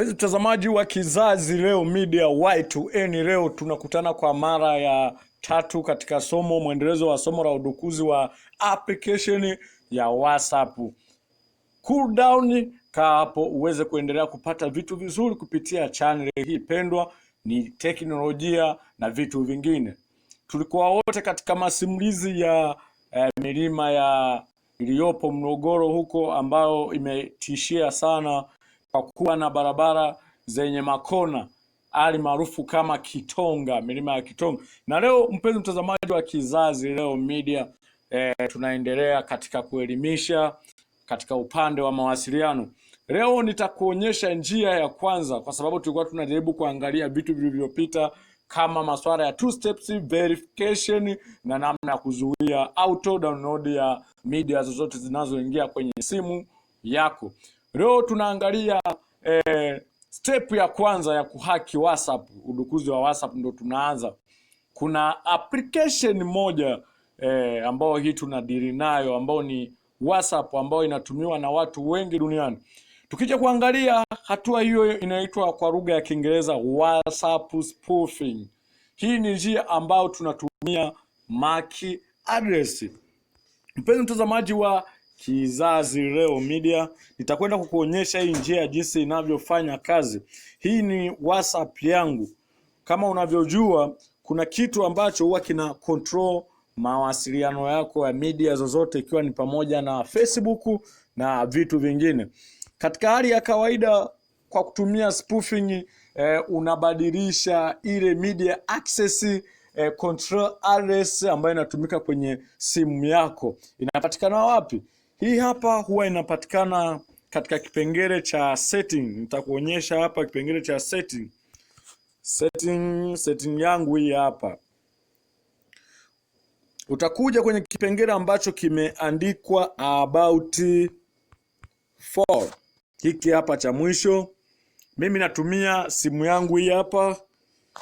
Mpenzi mtazamaji wa Kizazi Leo Media Y2N, leo tunakutana kwa mara ya tatu katika somo mwendelezo wa somo la udukuzi wa application ya WhatsApp. Cool down, kaa hapo uweze kuendelea kupata vitu vizuri kupitia channel hii pendwa, ni teknolojia na vitu vingine. Tulikuwa wote katika masimulizi ya eh, milima ya iliyopo Morogoro huko ambayo imetishia sana kwa kuwa na barabara zenye makona ali maarufu kama Kitonga, milima ya Kitonga. Na leo mpenzi mtazamaji wa Kizazi Leo Media e, tunaendelea katika kuelimisha katika upande wa mawasiliano. Leo nitakuonyesha njia ya kwanza, kwa sababu tulikuwa tunajaribu kuangalia vitu vilivyopita kama masuala ya two steps verification na namna ya kuzuia auto download ya media zozote zinazoingia kwenye simu yako. Leo tunaangalia eh, step ya kwanza ya kuhaki WhatsApp, udukuzi wa WhatsApp ndo tunaanza. Kuna application moja eh, ambayo hii tunadili nayo ambayo ni WhatsApp ambayo inatumiwa na watu wengi duniani. Tukija kuangalia hatua hiyo inaitwa kwa lugha ya Kiingereza WhatsApp spoofing. Hii ni njia ambayo tunatumia MAC address. Mpenzi mtazamaji wa Kizazi Leo Media. Nitakwenda kukuonyesha hii njia jinsi inavyofanya kazi. Hii ni WhatsApp yangu. Kama unavyojua kuna kitu ambacho huwa kina control mawasiliano yako ya media zozote, ikiwa ni pamoja na Facebook na vitu vingine. Katika hali ya kawaida, kwa kutumia spoofing eh, unabadilisha ile media access eh, control address ambayo inatumika kwenye simu yako. Inapatikana wapi? Hii hapa huwa inapatikana katika kipengele cha setting. Nitakuonyesha hapa kipengele cha setting. Setting, setting yangu hii hapa. Utakuja kwenye kipengele ambacho kimeandikwa about for. Hiki hapa cha mwisho. Mimi natumia simu yangu hii hapa.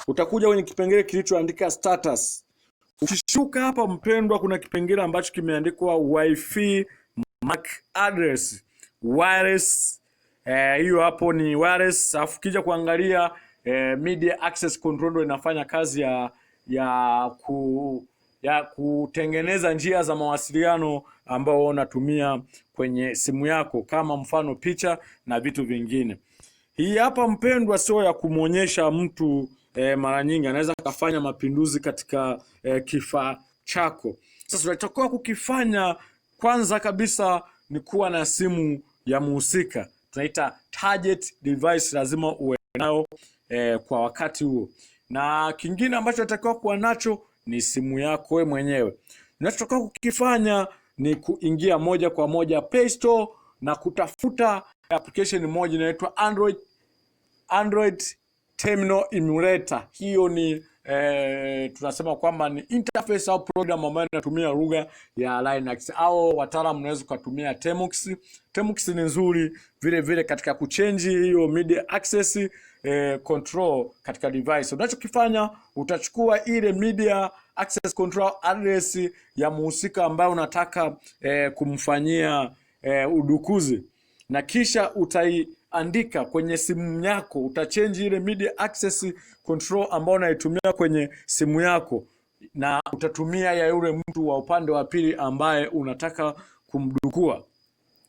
Utakuja kwenye kipengele kilichoandika status. Ukishuka hapa mpendwa, kuna kipengele ambacho kimeandikwa wifi MAC address wireless eh, hiyo eh, hapo ni wireless. Afu kija kuangalia eh, media access control ndio inafanya kazi ya ya ku ya kutengeneza njia za mawasiliano ambao unatumia kwenye simu yako, kama mfano picha na vitu vingine. Hii hapa mpendwa, sio ya kumwonyesha mtu eh, mara nyingi anaweza akafanya mapinduzi katika eh, kifaa chako. Sasa unachokuwa kukifanya kwanza kabisa ni kuwa na simu ya muhusika, tunaita target device, lazima uwe nayo eh, kwa wakati huo. Na kingine ambacho natakiwa kuwa nacho ni simu yako wewe mwenyewe. Unachotakiwa kukifanya ni kuingia moja kwa moja Play Store na kutafuta application moja inaitwa Android Android Terminal Emulator. Hiyo ni eh, tunasema kwamba ni interface au program ambayo inatumia lugha ya Linux au wataalamu unaweza ukatumia Temux. Temux ni nzuri vile vile katika kuchange hiyo media access eh, control katika device. Unachokifanya utachukua ile media access control address ya muhusika ambayo unataka eh, kumfanyia eh, udukuzi na kisha utai andika kwenye simu yako, utachange ile media access control ambayo unaitumia kwenye simu yako, na utatumia ya yule mtu wa upande wa pili ambaye unataka kumdukua.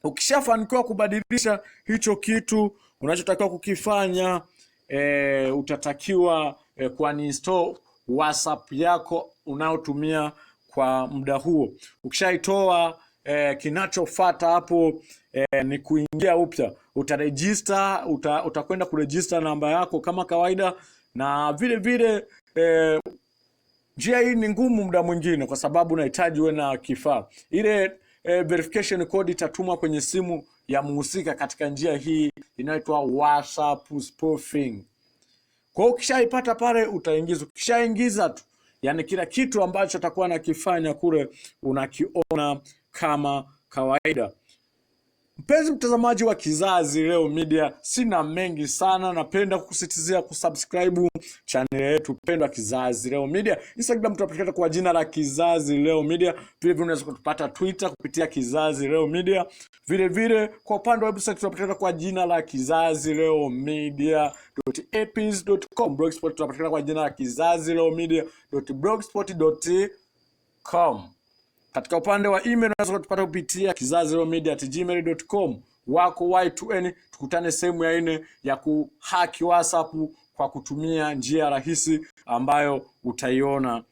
Ukishafanikiwa kubadilisha hicho kitu, unachotakiwa kukifanya e, utatakiwa e, eh, kuaninstall WhatsApp yako unayotumia kwa muda huo. Ukishaitoa eh, kinachofata hapo eh, ni kuingia upya. Utarejista, uta, utakwenda kurejista namba yako kama kawaida, na vile vile eh, njia eh, hii ni ngumu muda mwingine, kwa sababu unahitaji uwe na kifaa ile eh, verification code itatumwa kwenye simu ya mhusika katika njia hii inaitwa WhatsApp spoofing. Kwa hiyo ukishaipata pale utaingiza, ukishaingiza tu, yani kila kitu ambacho atakuwa anakifanya kule unakiona kama kawaida. Mpenzi mtazamaji wa Kizazi Leo Media, sina mengi sana, napenda kukusitizia kusubscribe channel yetu pendwa Kizazi Leo Media. Instagram tunapatikana kwa jina la Kizazi Leo Media, vile vile unaweza kutupata Twitter kupitia Kizazi Leo Media, vile vile kwa upande wa website tunapatikana kwa jina la Kizazi Leo Media apis.com. Blogspot tunapatikana kwa jina la Kizazi Leo Media Media.blogspot.com. Katika upande wa email unaweza kutupata kupitia kizaziromedia@gmail.com. Wako Y2N, tukutane sehemu ya nne ya kuhaki WhatsApp kwa kutumia njia rahisi ambayo utaiona.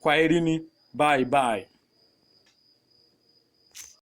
Kwaherini, bye bye.